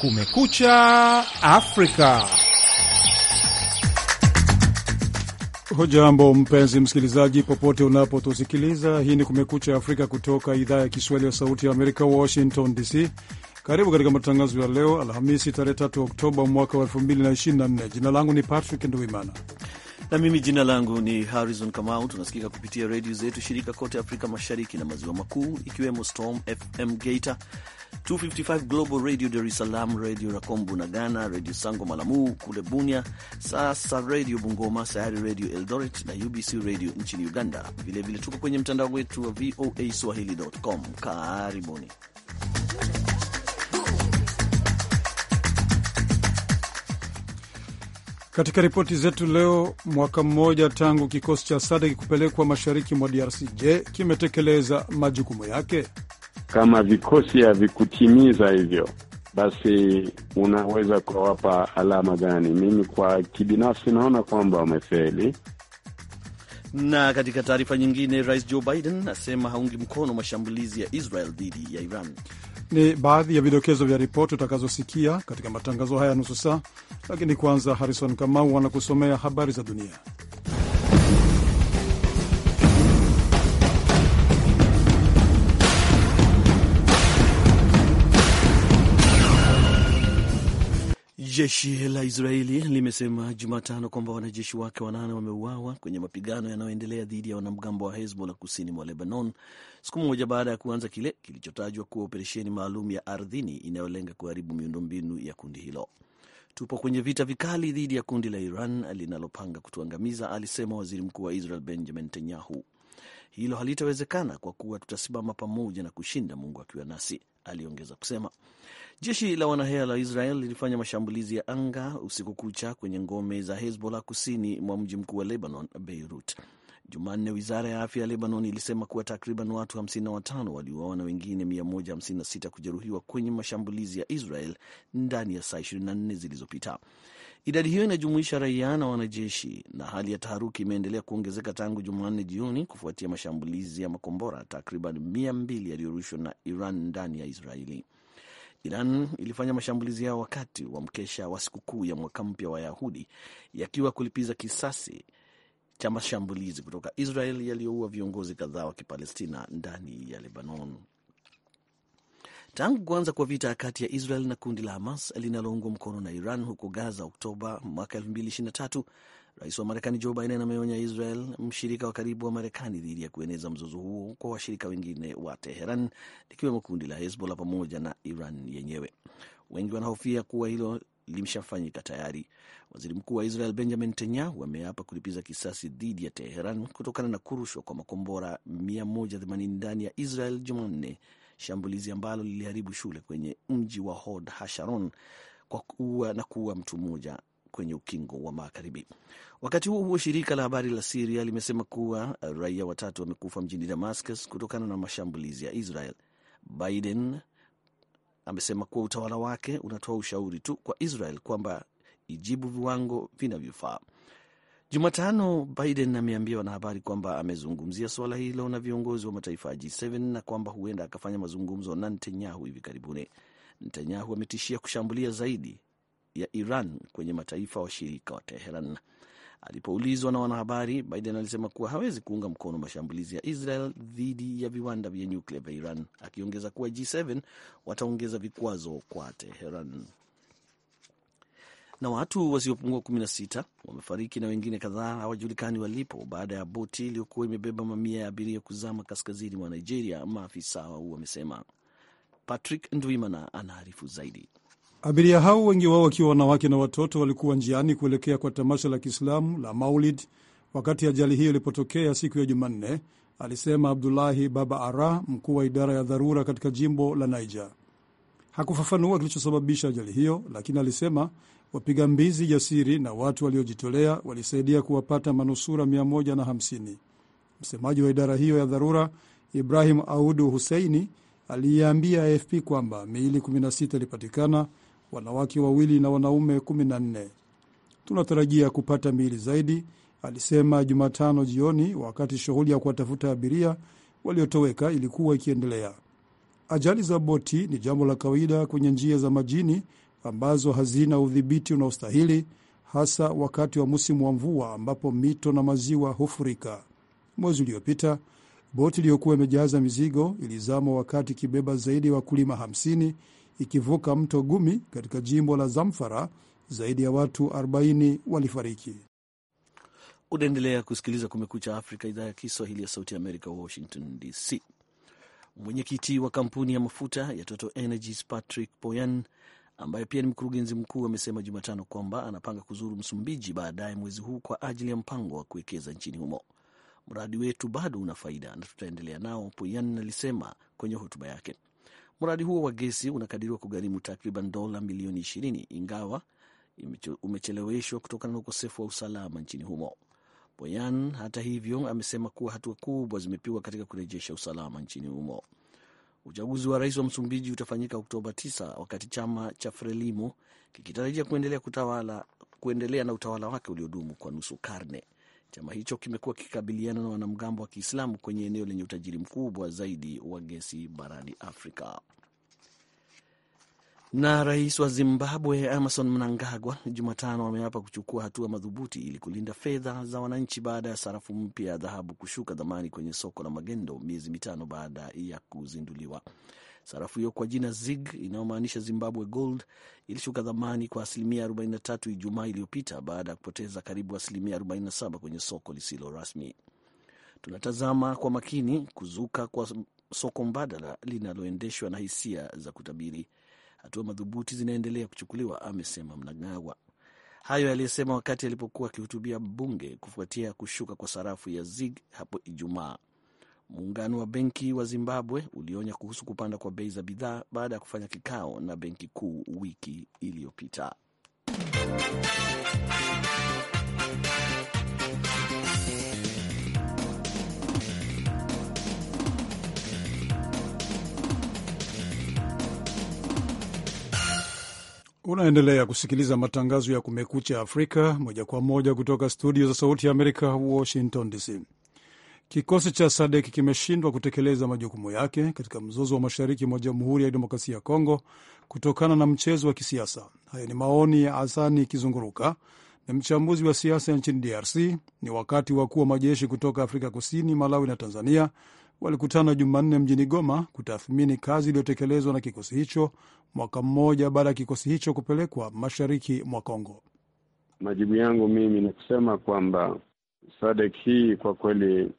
Kumekucha Afrika. Hujambo mpenzi msikilizaji, popote unapotusikiliza. Hii ni Kumekucha Afrika kutoka idhaa ya Kiswahili ya Sauti ya Amerika, Washington DC. Karibu katika matangazo ya leo Alhamisi, tarehe 3 Oktoba mwaka wa 2024. Jina langu ni Patrick Nduimana na mimi jina langu ni Harrison Kamau. Tunasikika kupitia redio zetu shirika kote Afrika Mashariki na Maziwa Makuu, ikiwemo Storm FM Geita, 255 Global Radio Dar es Salaam, Radio Rakombu na Ghana, Radio Sango Malamu kule Bunia, Sasa Radio Bungoma, Sayari Radio Eldoret na UBC Radio nchini Uganda. Vilevile tuko kwenye mtandao wetu wa VOA Swahili.com. Karibuni. Katika ripoti zetu leo, mwaka mmoja tangu kikosi cha SADC kupelekwa mashariki mwa DRC, je, kimetekeleza majukumu yake? Kama vikosi havikutimiza hivyo, basi unaweza kuwapa alama gani? Mimi kwa kibinafsi naona kwamba wamefeli. Na katika taarifa nyingine, Rais Joe Biden asema haungi mkono mashambulizi ya Israel dhidi ya Iran. Ni baadhi ya vidokezo vya ripoti utakazosikia katika matangazo haya nusu saa, lakini kwanza, Harrison Kamau anakusomea habari za dunia. Jeshi la Israeli limesema Jumatano kwamba wanajeshi wake wanane wameuawa kwenye mapigano yanayoendelea dhidi ya wanamgambo wa Hezbollah kusini mwa Lebanon, siku moja baada ya kuanza kile kilichotajwa kuwa operesheni maalum ya ardhini inayolenga kuharibu miundombinu ya kundi hilo. Tupo kwenye vita vikali dhidi ya kundi la Iran linalopanga kutuangamiza, alisema waziri mkuu wa Israel Benjamin Netanyahu. Hilo halitawezekana kwa kuwa tutasimama pamoja na kushinda, Mungu akiwa nasi, aliongeza kusema. Jeshi la wanahea la Israel lilifanya mashambulizi ya anga usiku kucha kwenye ngome za Hezbollah kusini mwa mji mkuu wa Lebanon, Beirut, Jumanne, wizara ya afya ya Lebanon ilisema kuwa takriban watu 55 waliuawa na wengine 156 kujeruhiwa kwenye mashambulizi ya Israel ndani ya saa 24 zilizopita. Idadi hiyo inajumuisha raia na wanajeshi, na hali ya taharuki imeendelea kuongezeka tangu Jumanne jioni kufuatia mashambulizi ya makombora takriban 200 yaliyorushwa na Iran ndani ya Israeli. Iran ilifanya mashambulizi yao wakati wa mkesha wa sikukuu ya mwaka mpya wa Yahudi, yakiwa kulipiza kisasi cha mashambulizi kutoka Israel yaliyoua viongozi kadhaa wa Kipalestina ndani ya Lebanon. Tangu kuanza kwa vita kati ya Israel na kundi la Hamas linaloungwa mkono na Iran huko Gaza Oktoba mwaka 2023, rais wa Marekani Joe Biden ameonya Israel, mshirika wa karibu wa Marekani, dhidi ya kueneza mzozo huo kwa washirika wengine wa Teheran, likiwemo kundi la Hezbollah pamoja na Iran yenyewe. Wengi wanahofia kuwa hilo limeshafanyika tayari. Waziri mkuu wa Israel Benjamin Netanyahu ameapa kulipiza kisasi dhidi ya Teheran kutokana na kurushwa kwa makombora 180 ndani ya Israel Jumanne, shambulizi ambalo liliharibu shule kwenye mji wa Hod Hasharon kwa kuwa na kuua mtu mmoja kwenye ukingo wa magharibi. Wakati huo huo, shirika la habari la Siria limesema kuwa raia watatu wamekufa mjini Damascus kutokana na mashambulizi ya Israel. Biden amesema kuwa utawala wake unatoa ushauri tu kwa Israel kwamba ijibu viwango vinavyofaa. Jumatano, Biden ameambia wanahabari kwamba amezungumzia suala hilo na viongozi wa mataifa ya G7 na kwamba huenda akafanya mazungumzo na Netanyahu hivi karibuni. Netanyahu ametishia kushambulia zaidi ya Iran kwenye mataifa washirika wa Teheran. Alipoulizwa na wanahabari, Biden alisema kuwa hawezi kuunga mkono mashambulizi ya Israel dhidi ya viwanda vya nyuklia vya Iran, akiongeza kuwa G7 wataongeza vikwazo kwa Teheran. Na watu wasiopungua 16 wamefariki na wengine kadhaa hawajulikani walipo baada ya boti iliyokuwa imebeba mamia ya abiria kuzama kaskazini mwa Nigeria, maafisa wamesema. Patrick Ndwimana anaarifu zaidi. Abiria hao wengi wao wakiwa wanawake na watoto walikuwa njiani kuelekea kwa tamasha la Kiislamu la Maulid wakati ajali hiyo ilipotokea siku ya Jumanne, alisema Abdulahi Baba Ara, mkuu wa idara ya dharura katika jimbo la Niger. Hakufafanua kilichosababisha ajali hiyo, lakini alisema wapiga mbizi jasiri na watu waliojitolea walisaidia kuwapata manusura 150. Msemaji wa idara hiyo ya dharura Ibrahim Audu Huseini aliyeambia AFP kwamba miili 16 ilipatikana wanawake wawili na wanaume 14. Tunatarajia kupata miili zaidi, alisema Jumatano jioni, wakati shughuli ya kuwatafuta abiria waliotoweka ilikuwa ikiendelea. Ajali za boti ni jambo la kawaida kwenye njia za majini ambazo hazina udhibiti unaostahili, hasa wakati wa msimu wa mvua ambapo mito na maziwa hufurika. Mwezi uliopita boti iliyokuwa imejaza mizigo ilizama wakati ikibeba zaidi ya wakulima 50 ikivuka mto Gumi katika jimbo la Zamfara, zaidi ya watu 40 walifariki. Unaendelea kusikiliza Kumekucha Afrika, idhaa ya Kiswahili ya Sauti ya Amerika, Washington DC. Mwenyekiti wa kampuni ya mafuta ya Total Energies Patrick Poyan ambaye pia ni mkurugenzi mkuu amesema Jumatano kwamba anapanga kuzuru Msumbiji baadaye mwezi huu kwa ajili ya mpango wa kuwekeza nchini humo. Mradi wetu bado una faida na tutaendelea nao, Poyan alisema kwenye hotuba yake. Mradi huo wa gesi unakadiriwa kugharimu takriban dola milioni 20 ingawa umecheleweshwa kutokana na ukosefu wa usalama nchini humo. Boyan hata hivyo amesema kuwa hatua kubwa zimepigwa katika kurejesha usalama nchini humo. Uchaguzi wa rais wa Msumbiji utafanyika Oktoba 9 wakati chama cha Frelimo kikitarajia kuendelea, kuendelea na utawala wake uliodumu kwa nusu karne. Chama hicho kimekuwa kikikabiliana na wanamgambo wa Kiislamu kwenye eneo lenye utajiri mkubwa zaidi wa gesi barani Afrika. Na rais wa Zimbabwe Emmerson Mnangagwa Jumatano ameapa kuchukua hatua madhubuti ili kulinda fedha za wananchi baada ya sarafu mpya ya dhahabu kushuka dhamani kwenye soko la magendo miezi mitano baada ya kuzinduliwa. Sarafu hiyo kwa jina ZIG inayomaanisha Zimbabwe Gold ilishuka dhamani kwa asilimia 43 Ijumaa iliyopita baada ya kupoteza karibu asilimia 47 kwenye soko lisilo rasmi. Tunatazama kwa makini kuzuka kwa soko mbadala linaloendeshwa na hisia za kutabiri. Hatua madhubuti zinaendelea kuchukuliwa, amesema Mnangagwa. Hayo aliyesema wakati alipokuwa akihutubia bunge kufuatia kushuka kwa sarafu ya ZIG hapo Ijumaa. Muungano wa benki wa Zimbabwe ulionya kuhusu kupanda kwa bei za bidhaa baada ya kufanya kikao na benki kuu wiki iliyopita. Unaendelea kusikiliza matangazo ya Kumekucha Afrika moja kwa moja kutoka studio za Sauti ya Amerika, Washington DC. Kikosi cha SADEK kimeshindwa kutekeleza majukumu yake katika mzozo wa mashariki mwa Jamhuri ya Demokrasia ya Kongo kutokana na mchezo wa kisiasa. Haya ni maoni ya Asani Kizunguruka, ni mchambuzi wa siasa nchini DRC. Ni wakati wakuu wa majeshi kutoka Afrika Kusini, Malawi na Tanzania walikutana Jumanne mjini Goma kutathmini kazi iliyotekelezwa na kikosi hicho mwaka mmoja baada ya kikosi hicho kupelekwa mashariki mwa Kongo. Majibu yangu mimi ni kusema kwamba SADEK hii kwa kweli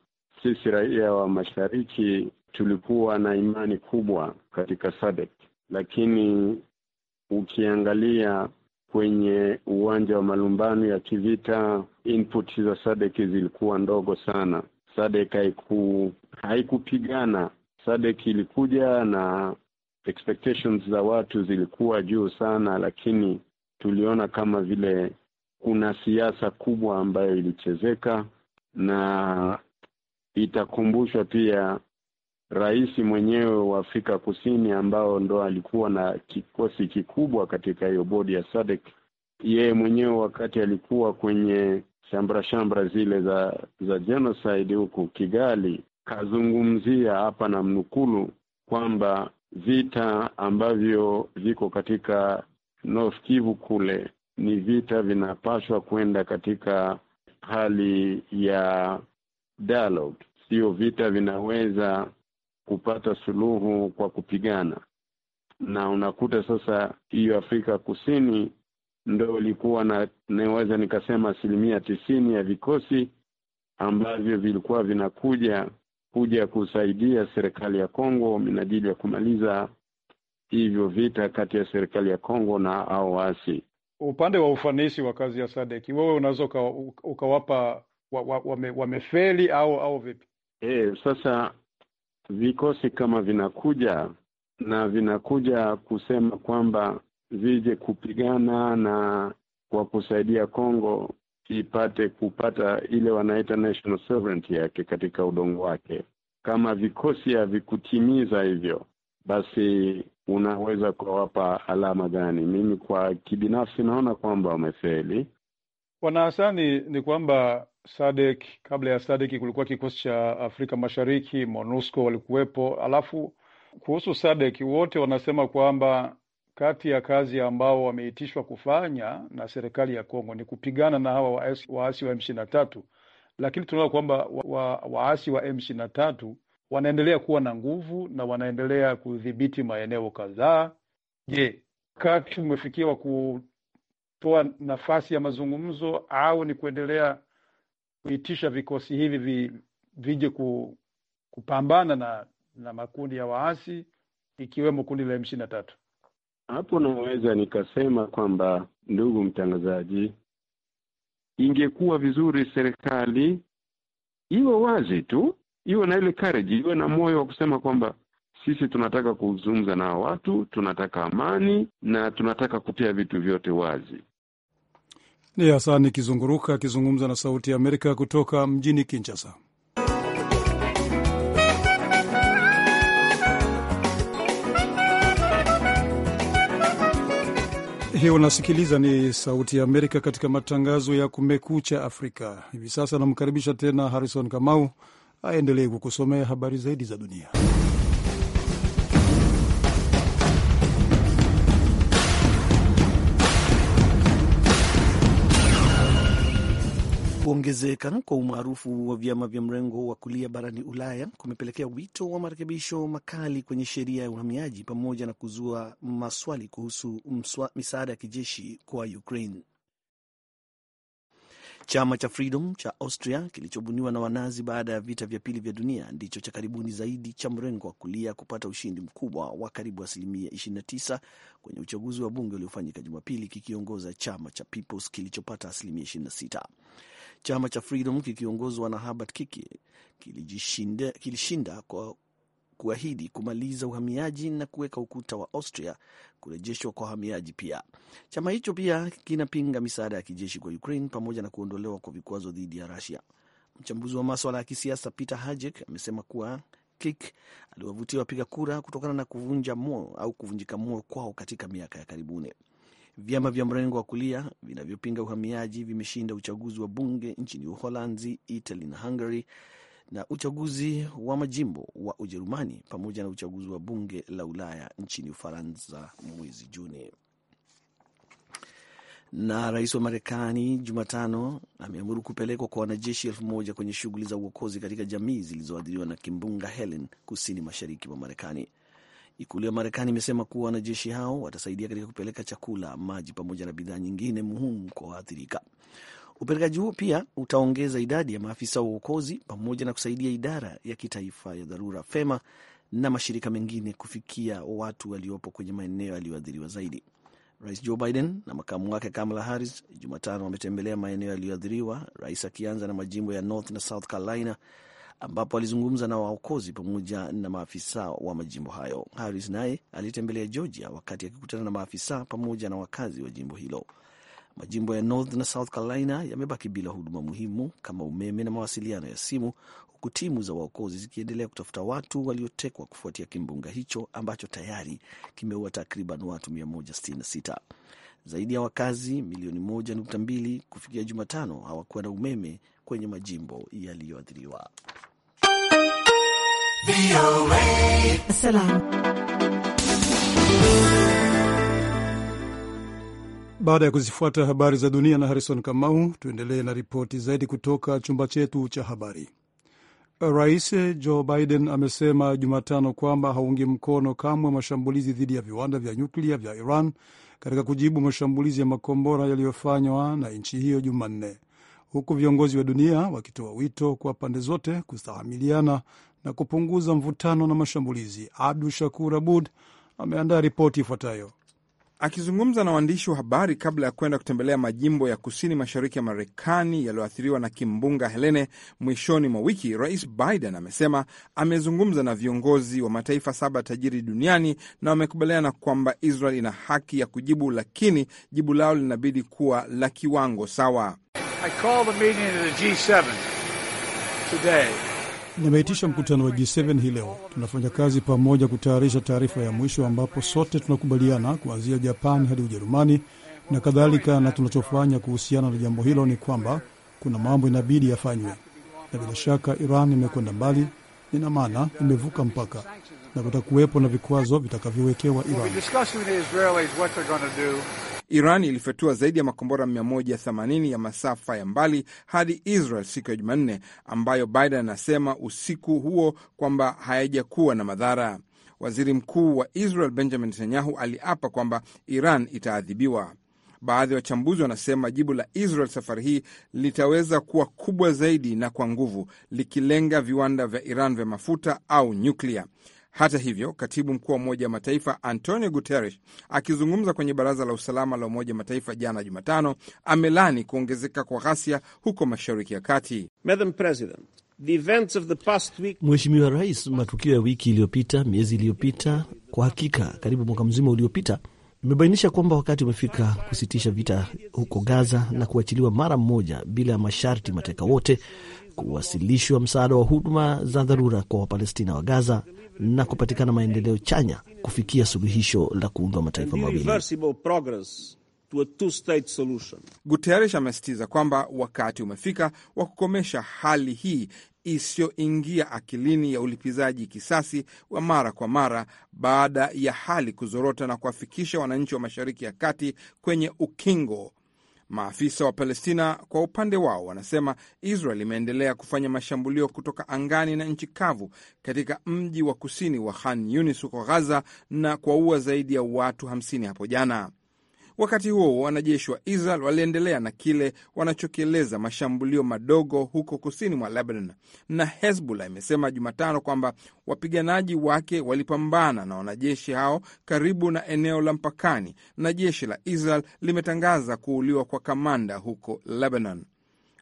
sisi raia wa mashariki tulikuwa na imani kubwa katika SADC, lakini ukiangalia kwenye uwanja wa malumbano ya kivita, input za SADC zilikuwa ndogo sana. SADC haiku haikupigana. SADC ilikuja na expectations za watu zilikuwa juu sana, lakini tuliona kama vile kuna siasa kubwa ambayo ilichezeka na Itakumbushwa pia rais mwenyewe wa Afrika Kusini ambao ndo alikuwa na kikosi kikubwa katika hiyo bodi ya SADC. Yeye mwenyewe wakati alikuwa kwenye shambra shambra zile za za genocide huku Kigali, kazungumzia hapa na mnukulu kwamba vita ambavyo viko katika North Kivu kule ni vita vinapaswa kwenda katika hali ya dialogue, sio vita vinaweza kupata suluhu kwa kupigana. Na unakuta sasa hiyo Afrika Kusini ndo ilikuwa na naweza nikasema asilimia tisini ya vikosi ambavyo vilikuwa vinakuja kuja kusaidia serikali ya Kongo minajili ya kumaliza hivyo vita kati ya serikali ya Kongo na au waasi. Upande wa ufanisi wa kazi ya SADC, wewe unaweza ukawapa wa, wamefeli au au vipi? E, sasa vikosi kama vinakuja na vinakuja kusema kwamba vije kupigana na kwa kusaidia Kongo ipate kupata ile wanaita national sovereignty yake katika udongo wake. Kama vikosi havikutimiza hivyo, basi unaweza kuwapa alama gani? Mimi kwa kibinafsi naona kwamba wamefeli. Bwana Hasani, ni kwamba SADC, kabla ya SADC kulikuwa kikosi cha Afrika Mashariki, MONUSCO walikuwepo. Alafu kuhusu SADC wote wanasema kwamba kati ya kazi ambao wameitishwa kufanya na serikali ya Kongo ni kupigana na hawa waasi wa M23, lakini tunaona kwamba waasi wa, wa, wa M23 wanaendelea kuwa na nguvu na wanaendelea kudhibiti maeneo kadhaa. Je, wakati umefikiwa kutoa nafasi ya mazungumzo au ni kuendelea kuitisha vikosi hivi vi, vije ku, kupambana na na makundi ya waasi ikiwemo kundi la m tatu Hapo naweza nikasema kwamba, ndugu mtangazaji, ingekuwa vizuri serikali iwe wazi tu, iwe na ile kareji, iwe na moyo wa kusema kwamba sisi tunataka kuzungumza na watu, tunataka amani na tunataka kutia vitu vyote wazi. Ni Hasani Kizunguruka akizungumza na Sauti ya Amerika kutoka mjini Kinshasa. Hii unasikiliza ni Sauti ya Amerika katika matangazo ya Kumekucha Afrika. Hivi sasa anamkaribisha tena Harrison Kamau aendelee kukusomea habari zaidi za dunia. Kuongezeka kwa umaarufu wa vyama vya mrengo wa kulia barani Ulaya kumepelekea wito wa marekebisho makali kwenye sheria ya uhamiaji pamoja na kuzua maswali kuhusu mswa, misaada ya kijeshi kwa Ukraine. Chama cha Freedom cha Austria kilichobuniwa na Wanazi baada ya vita vya pili vya dunia ndicho cha karibuni zaidi cha mrengo wa kulia kupata ushindi mkubwa wa karibu asilimia 29 kwenye uchaguzi wa bunge uliofanyika Jumapili, kikiongoza chama cha Peoples kilichopata asilimia 26. Chama cha Freedom kikiongozwa na Herbert Kiki kilishinda kwa kuahidi kumaliza uhamiaji na kuweka ukuta wa Austria kurejeshwa kwa wahamiaji. Pia chama hicho pia kinapinga misaada ya kijeshi kwa Ukraine pamoja na kuondolewa kwa vikwazo dhidi ya Russia. Mchambuzi wa maswala ya kisiasa Peter Hajek amesema kuwa Kik aliwavutia wapiga kura kutokana na kuvunja moyo au kuvunjika moyo kwao katika miaka ya karibuni. Vyama vya mrengo wa kulia vinavyopinga uhamiaji vimeshinda uchaguzi wa bunge nchini Uholanzi, Italy na Hungary na uchaguzi wa majimbo wa Ujerumani pamoja na uchaguzi wa bunge la Ulaya nchini Ufaransa mwezi Juni. Na rais wa Marekani Jumatano ameamuru kupelekwa kwa wanajeshi elfu moja kwenye shughuli za uokozi katika jamii zilizoathiriwa na kimbunga Helen kusini mashariki mwa Marekani. Ikulu ya Marekani imesema kuwa wanajeshi hao watasaidia katika kupeleka chakula, maji pamoja na bidhaa nyingine muhimu kwa waathirika. Upelekaji huo pia utaongeza idadi ya maafisa wa uokozi pamoja na kusaidia idara ya kitaifa ya dharura FEMA na mashirika mengine kufikia watu waliopo kwenye maeneo yaliyoathiriwa zaidi. Rais Joe Biden na makamu wake Kamala Harris Jumatano wametembelea maeneo yaliyoathiriwa, rais akianza na majimbo ya North na South Carolina ambapo alizungumza na waokozi pamoja na maafisa wa majimbo hayo. Harris naye alitembelea Georgia wakati akikutana na maafisa pamoja na wakazi wa jimbo hilo. Majimbo ya North na South Carolina yamebaki bila huduma muhimu kama umeme na mawasiliano ya simu, huku timu za waokozi zikiendelea kutafuta watu waliotekwa kufuatia kimbunga hicho ambacho tayari kimeua takriban watu 166. Zaidi ya wakazi milioni 1.2 kufikia Jumatano hawakuwa na umeme kwenye majimbo yaliyoathiriwa. Baada ya kuzifuata habari za dunia na Harrison Kamau, tuendelee na ripoti zaidi kutoka chumba chetu cha habari. Rais Joe Biden amesema Jumatano kwamba haungi mkono kamwe mashambulizi dhidi ya viwanda vya nyuklia vya Iran katika kujibu mashambulizi ya makombora yaliyofanywa na nchi hiyo Jumanne, huku viongozi wa dunia wakitoa wito kwa pande zote kustahamiliana na kupunguza mvutano na mashambulizi. Abdu Shakur Abud ameandaa ripoti ifuatayo. Akizungumza na waandishi wa habari kabla ya kwenda kutembelea majimbo ya kusini mashariki ya Marekani yaliyoathiriwa na kimbunga Helene mwishoni mwa wiki, Rais Biden amesema amezungumza na viongozi wa mataifa saba tajiri duniani na wamekubaliana kwamba Israel ina haki ya kujibu, lakini jibu lao linabidi kuwa la kiwango sawa. I call the meeting of the G7 today nimeitisha mkutano wa G7 hii leo. Tunafanya kazi pamoja kutayarisha taarifa ya mwisho ambapo sote tunakubaliana kuanzia Japan hadi Ujerumani na kadhalika, na tunachofanya kuhusiana na jambo hilo ni kwamba kuna mambo inabidi yafanywe, na bila shaka Iran imekwenda mbali, ina maana imevuka mpaka, na kutakuwepo na vikwazo vitakavyowekewa Iran. Iran ilifyatua zaidi ya makombora 180 ya masafa ya mbali hadi Israel siku ya Jumanne, ambayo Biden anasema usiku huo kwamba hayajakuwa na madhara. Waziri Mkuu wa Israel Benjamin Netanyahu aliapa kwamba Iran itaadhibiwa. Baadhi ya wachambuzi wanasema jibu la Israel safari hii litaweza kuwa kubwa zaidi na kwa nguvu, likilenga viwanda vya Iran vya mafuta au nyuklia. Hata hivyo, katibu mkuu wa Umoja wa Mataifa Antonio Guterres akizungumza kwenye Baraza la Usalama la Umoja wa Mataifa jana Jumatano amelani kuongezeka kwa ghasia huko Mashariki ya Kati. Mheshimiwa Rais, matukio ya wiki iliyopita, miezi iliyopita, kwa hakika karibu mwaka mzima uliopita imebainisha kwamba wakati umefika kusitisha vita huko Gaza na kuachiliwa mara mmoja bila ya masharti mateka wote, kuwasilishwa msaada wa huduma za dharura kwa Wapalestina wa Gaza na kupatikana maendeleo chanya kufikia suluhisho la kuundwa mataifa mawili. Guterres amesitiza kwamba wakati umefika wa kukomesha hali hii isiyoingia akilini ya ulipizaji kisasi wa mara kwa mara baada ya hali kuzorota na kuwafikisha wananchi wa Mashariki ya Kati kwenye ukingo Maafisa wa Palestina kwa upande wao wanasema Israel imeendelea kufanya mashambulio kutoka angani na nchi kavu katika mji wa kusini wa Khan Yunis huko Ghaza na kuwaua zaidi ya watu 50 hapo jana. Wakati huo wanajeshi wa Israel waliendelea na kile wanachokieleza mashambulio madogo huko kusini mwa Lebanon, na Hezbollah imesema Jumatano kwamba wapiganaji wake walipambana na wanajeshi hao karibu na eneo la mpakani, na jeshi la Israel limetangaza kuuliwa kwa kamanda huko Lebanon.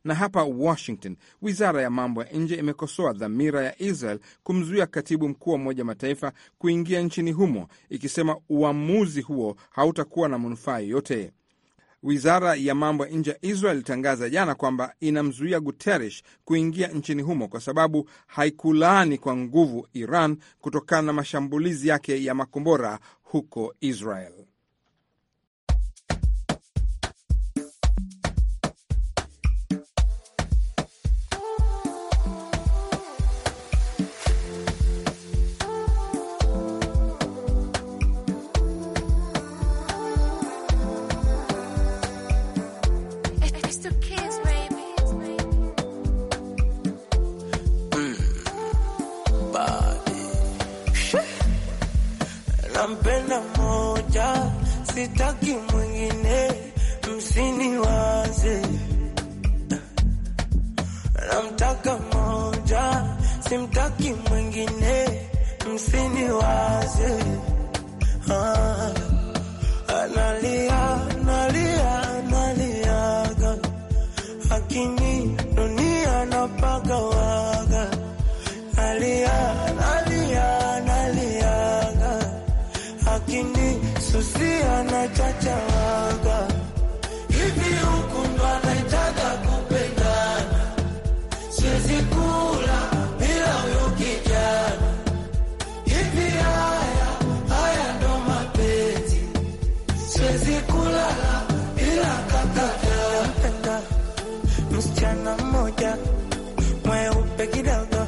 Na hapa Washington, wizara ya mambo ya nje imekosoa dhamira ya Israel kumzuia katibu mkuu wa Umoja Mataifa kuingia nchini humo, ikisema uamuzi huo hautakuwa na manufaa yoyote. Wizara ya mambo ya nje ya Israel ilitangaza jana kwamba inamzuia Guterres kuingia nchini humo kwa sababu haikulaani kwa nguvu Iran kutokana na mashambulizi yake ya makombora huko Israel. sitaki mwingine, msiniwaze, namtaka moja, simtaki mwingine, msiniwaze. Ah, analia nalia naliaga, lakini dunia napagawa wanachachawaga hivi huku ndo anaitaka kupendana, siwezi kula bila huyo kijana hivi. Haya haya ndo mapenzi, siwezi kulala bila kakata. Msichana mmoja mweupe kidogo,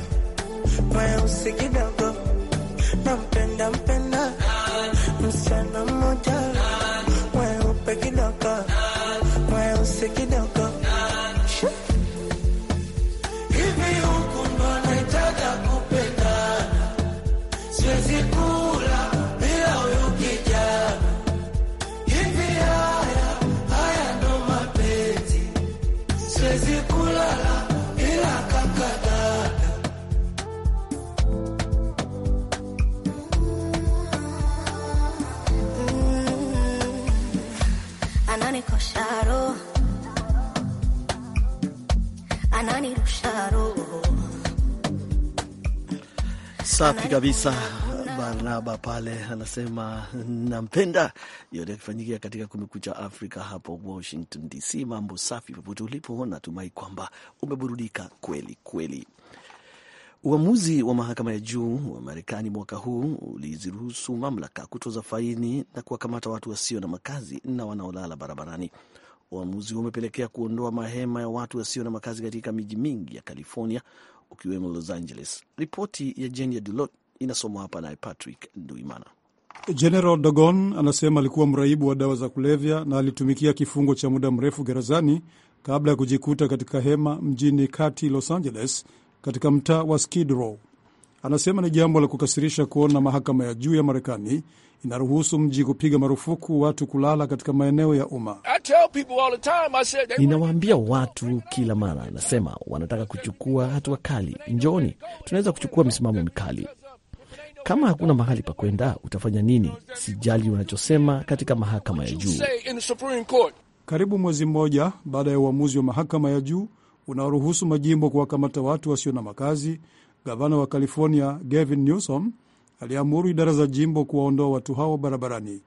mweusi kidogo Safi kabisa. Barnaba pale anasema nampenda yote akifanyikia katika Kumekucha Afrika hapo Washington DC. Mambo safi popote ulipo, natumai kwamba umeburudika kweli kweli. Uamuzi wa mahakama ya juu wa Marekani mwaka huu uliziruhusu mamlaka kutoza faini na kuwakamata watu wasio na makazi na wanaolala barabarani. Uamuzi huu umepelekea kuondoa mahema ya watu wasio na makazi katika miji mingi ya California, ukiwemo Los Angeles. Ripoti ya Jenia Dulot inasomwa hapa naye Patrick Nduimana. General Dogon anasema alikuwa mraibu wa dawa za kulevya na alitumikia kifungo cha muda mrefu gerezani kabla ya kujikuta katika hema mjini kati Los Angeles, katika mtaa wa Skid Row. Anasema ni jambo la kukasirisha kuona mahakama ya juu ya Marekani inaruhusu mji kupiga marufuku watu kulala katika maeneo ya umma. Ninawaambia watu kila mara, anasema wanataka kuchukua hatua kali. Njooni, tunaweza kuchukua misimamo mikali. Kama hakuna mahali pa kwenda, utafanya nini? Sijali unachosema katika mahakama ya juu. Karibu mwezi mmoja baada ya uamuzi wa mahakama ya juu unaoruhusu majimbo kuwakamata watu wasio na makazi, Gavana wa California Gavin Newsom aliamuru idara za jimbo kuwaondoa watu hao barabarani.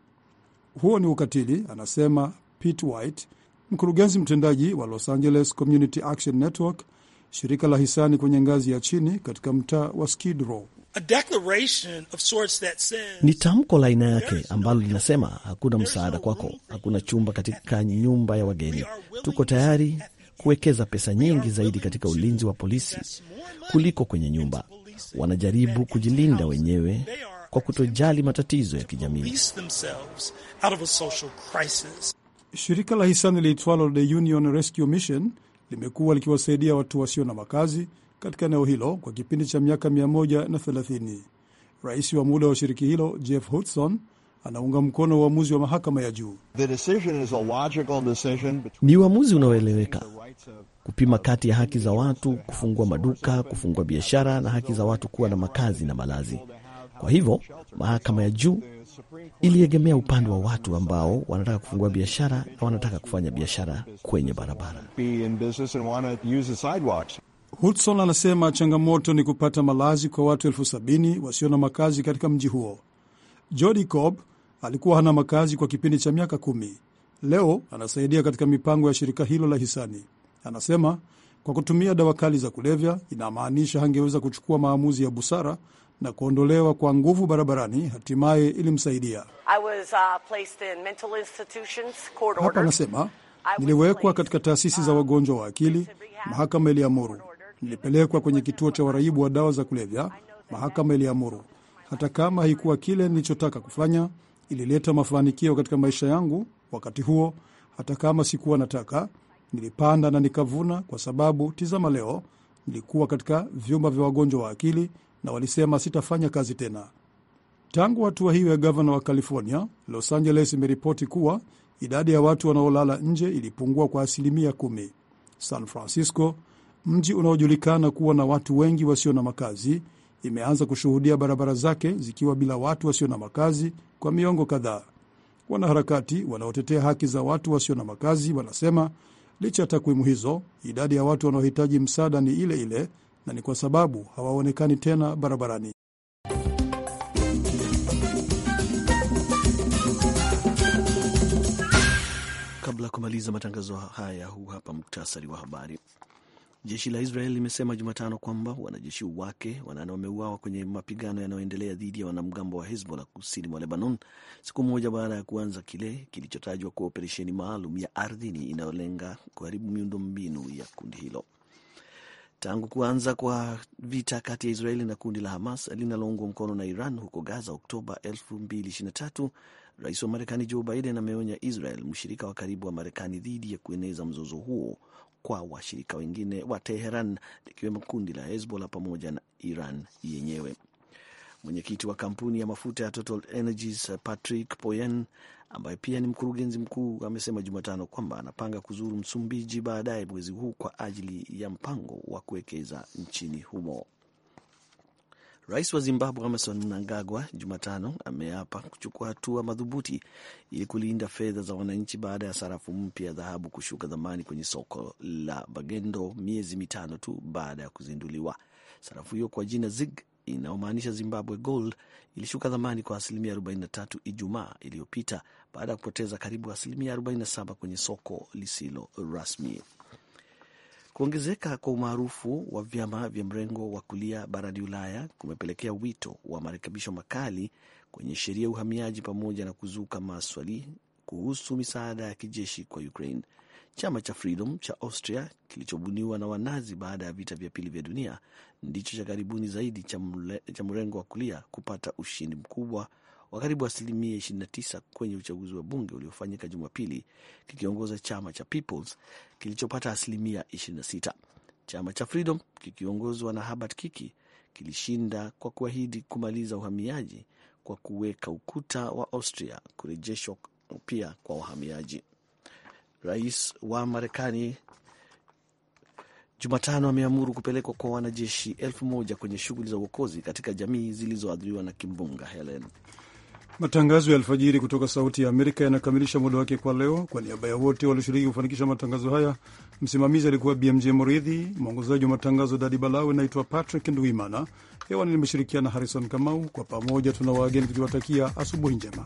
Huo ni ukatili, anasema Pete White, mkurugenzi mtendaji wa Los Angeles Community Action Network, shirika la hisani kwenye ngazi ya chini katika mtaa wa Skid Row. Ni tamko la aina yake ambalo linasema hakuna msaada kwako, hakuna chumba katika nyumba ya wageni, tuko tayari kuwekeza pesa nyingi zaidi katika ulinzi wa polisi kuliko kwenye nyumba. Wanajaribu kujilinda wenyewe kwa kutojali matatizo ya kijamii. Shirika la hisani liitwalo The Union Rescue Mission limekuwa likiwasaidia watu wasio na makazi katika eneo hilo kwa kipindi cha miaka 130. Rais wa muda wa shiriki hilo Jeff Hudson anaunga mkono uamuzi wa mahakama ya juu. Ni uamuzi unaoeleweka kupima kati ya haki za watu kufungua maduka, kufungua biashara na haki za watu kuwa na makazi na malazi. Kwa hivyo mahakama ya juu iliegemea upande wa watu ambao wanataka kufungua biashara na wanataka kufanya biashara kwenye barabara. Hudson anasema changamoto ni kupata malazi kwa watu elfu sabini wasio na makazi katika mji huo. Jody Cobb alikuwa hana makazi kwa kipindi cha miaka kumi. Leo anasaidia katika mipango ya shirika hilo la hisani. Anasema kwa kutumia dawa kali za kulevya inamaanisha hangeweza kuchukua maamuzi ya busara na kuondolewa kwa nguvu barabarani hatimaye ilimsaidia. Uh, hapa anasema niliwekwa katika taasisi za uh, wagonjwa wa akili, mahakama iliamuru. Nilipelekwa kwenye kituo cha waraibu wa dawa za kulevya, mahakama iliamuru. Hata kama haikuwa kile nilichotaka kufanya, ilileta mafanikio katika maisha yangu wakati huo, hata kama sikuwa nataka Nilipanda na nikavuna, kwa sababu tizama, leo nilikuwa katika vyumba vya wagonjwa wa akili na walisema sitafanya kazi tena. Tangu hatua hiyo ya gavana wa California, Los Angeles imeripoti kuwa idadi ya watu wanaolala nje ilipungua kwa asilimia kumi. San Francisco, mji unaojulikana kuwa na watu wengi wasio na makazi, imeanza kushuhudia barabara zake zikiwa bila watu wasio na makazi kwa miongo kadhaa. Wanaharakati wanaotetea haki za watu wasio na makazi wanasema Licha ya takwimu hizo, idadi ya watu wanaohitaji msaada ni ile ile, na ni kwa sababu hawaonekani tena barabarani. Kabla ya kumaliza matangazo haya, huu hapa muktasari wa habari. Jeshi la Israel limesema Jumatano kwamba wanajeshi wake wanane wameuawa kwenye mapigano yanayoendelea dhidi ya wanamgambo wa Hezbollah kusini mwa Lebanon, siku moja baada ya kuanza kile kilichotajwa kuwa operesheni maalum ya ardhini inayolenga kuharibu miundo mbinu ya kundi hilo. Tangu kuanza kwa vita kati ya Israeli na kundi la Hamas linaloungwa mkono na Iran huko Gaza Oktoba 2023, rais wa Marekani Joe Biden ameonya Israel, mshirika wa karibu wa Marekani, dhidi ya kueneza mzozo huo kwa washirika wengine wa Teheran likiwemo kundi la Hezbollah pamoja na Iran yenyewe. Mwenyekiti wa kampuni ya mafuta ya Total Energies Patrick Poyen, ambaye pia ni mkurugenzi mkuu, amesema Jumatano kwamba anapanga kuzuru Msumbiji baadaye mwezi huu kwa ajili ya mpango wa kuwekeza nchini humo. Rais wa Zimbabwe Emmerson Mnangagwa Jumatano ameapa kuchukua hatua madhubuti ili kulinda fedha za wananchi baada ya sarafu mpya ya dhahabu kushuka dhamani kwenye soko la bagendo miezi mitano tu baada ya kuzinduliwa. Sarafu hiyo kwa jina ZiG inayomaanisha Zimbabwe Gold ilishuka dhamani kwa asilimia 43 Ijumaa iliyopita baada ya kupoteza karibu asilimia 47 kwenye soko lisilo rasmi. Kuongezeka kwa umaarufu wa vyama vya mrengo wa kulia barani Ulaya kumepelekea wito wa marekebisho makali kwenye sheria ya uhamiaji pamoja na kuzuka maswali kuhusu misaada ya kijeshi kwa Ukraine. Chama cha Freedom cha Austria kilichobuniwa na Wanazi baada ya vita vya pili vya dunia ndicho cha karibuni zaidi cha mrengo wa kulia kupata ushindi mkubwa wa karibu asilimia 29 kwenye uchaguzi wa bunge uliofanyika Jumapili, kikiongoza chama cha Peoples kilichopata asilimia 26. Chama cha Freedom kikiongozwa na Herbert Kiki kilishinda kwa kuahidi kumaliza uhamiaji kwa kuweka ukuta wa Austria, kurejeshwa pia kwa wahamiaji. Rais wa Marekani Jumatano ameamuru kupelekwa kwa wanajeshi elfu moja kwenye shughuli za uokozi katika jamii zilizoathiriwa na kimbunga Helen. Matangazo ya alfajiri kutoka Sauti ya Amerika yanakamilisha muda wake kwa leo. Kwa niaba ya wote walioshiriki kufanikisha matangazo haya, msimamizi alikuwa BMJ mridhi mwongozaji wa matangazo Dadi Balawe. Naitwa Patrick Nduimana, hewani nimeshirikiana Harrison Kamau. Kwa pamoja tuna waageni tukiwatakia asubuhi njema.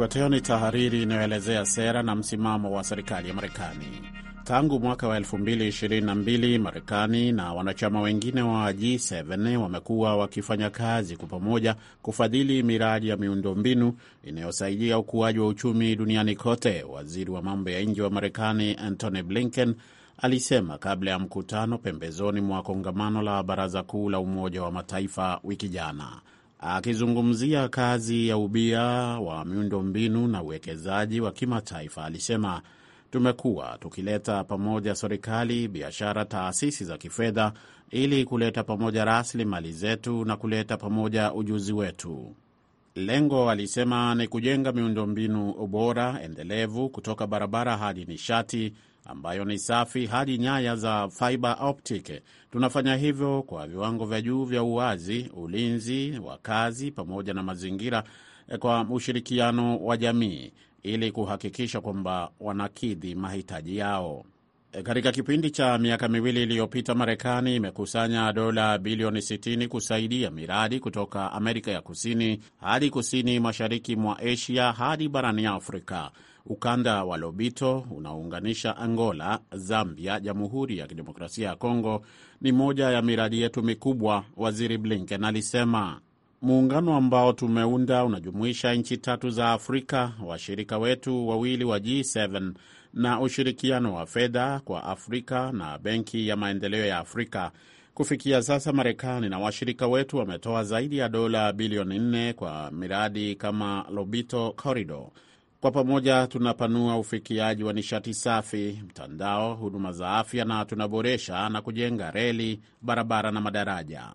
Ifuatayo ni tahariri inayoelezea sera na msimamo wa serikali ya Marekani. Tangu mwaka wa 2022 Marekani na wanachama wengine wa G7 wamekuwa wakifanya kazi kwa pamoja kufadhili miradi ya miundombinu inayosaidia ukuaji wa uchumi duniani kote. Waziri wa mambo ya nje wa Marekani Antony Blinken alisema kabla ya mkutano pembezoni mwa kongamano la Baraza Kuu la Umoja wa Mataifa wiki jana. Akizungumzia kazi ya ubia wa miundombinu na uwekezaji wa kimataifa, alisema tumekuwa tukileta pamoja serikali, biashara, taasisi za kifedha ili kuleta pamoja rasilimali zetu na kuleta pamoja ujuzi wetu. Lengo, alisema, ni kujenga miundombinu bora endelevu kutoka barabara hadi nishati ambayo ni safi hadi nyaya za fiber optic. Tunafanya hivyo kwa viwango vya juu vya uwazi, ulinzi wa kazi pamoja na mazingira, eh, kwa ushirikiano wa jamii ili kuhakikisha kwamba wanakidhi mahitaji yao. Eh, katika kipindi cha miaka miwili iliyopita, Marekani imekusanya dola bilioni 60 kusaidia miradi kutoka Amerika ya Kusini hadi kusini mashariki mwa Asia hadi barani Afrika. Ukanda wa Lobito unaounganisha Angola, Zambia, Jamhuri ya Kidemokrasia ya Kongo ni moja ya miradi yetu mikubwa, Waziri Blinken alisema. Muungano ambao tumeunda unajumuisha nchi tatu za Afrika, washirika wetu wawili wa G7 na ushirikiano wa fedha kwa Afrika na Benki ya Maendeleo ya Afrika. Kufikia sasa, Marekani na washirika wetu wametoa zaidi ya dola bilioni 4 kwa miradi kama Lobito Corridor kwa pamoja tunapanua ufikiaji wa nishati safi, mtandao, huduma za afya, na tunaboresha na kujenga reli, barabara na madaraja.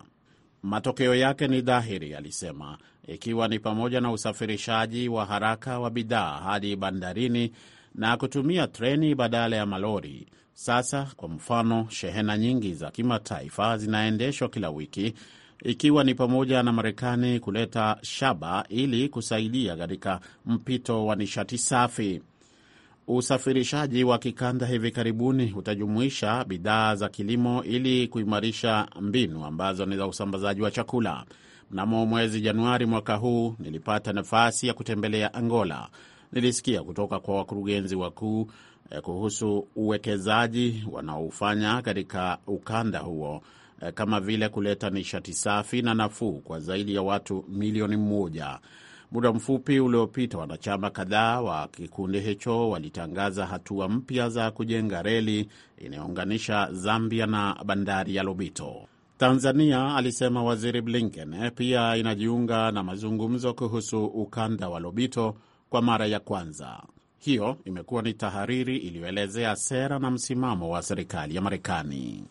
Matokeo yake ni dhahiri, alisema, ikiwa ni pamoja na usafirishaji wa haraka wa bidhaa hadi bandarini na kutumia treni badala ya malori. Sasa, kwa mfano, shehena nyingi za kimataifa zinaendeshwa kila wiki ikiwa ni pamoja na Marekani kuleta shaba ili kusaidia katika mpito wa nishati safi. Usafirishaji wa kikanda hivi karibuni utajumuisha bidhaa za kilimo ili kuimarisha mbinu ambazo ni za usambazaji wa chakula. Mnamo mwezi Januari mwaka huu nilipata nafasi ya kutembelea Angola. Nilisikia kutoka kwa wakurugenzi wakuu eh, kuhusu uwekezaji wanaoufanya katika ukanda huo Eh, kama vile kuleta nishati safi na nafuu kwa zaidi ya watu milioni mmoja. Muda mfupi uliopita, wanachama kadhaa wa kikundi hicho walitangaza hatua mpya za kujenga reli inayounganisha Zambia na bandari ya Lobito. Tanzania, alisema Waziri Blinken, eh, pia inajiunga na mazungumzo kuhusu ukanda wa Lobito kwa mara ya kwanza. Hiyo imekuwa ni tahariri iliyoelezea sera na msimamo wa serikali ya Marekani.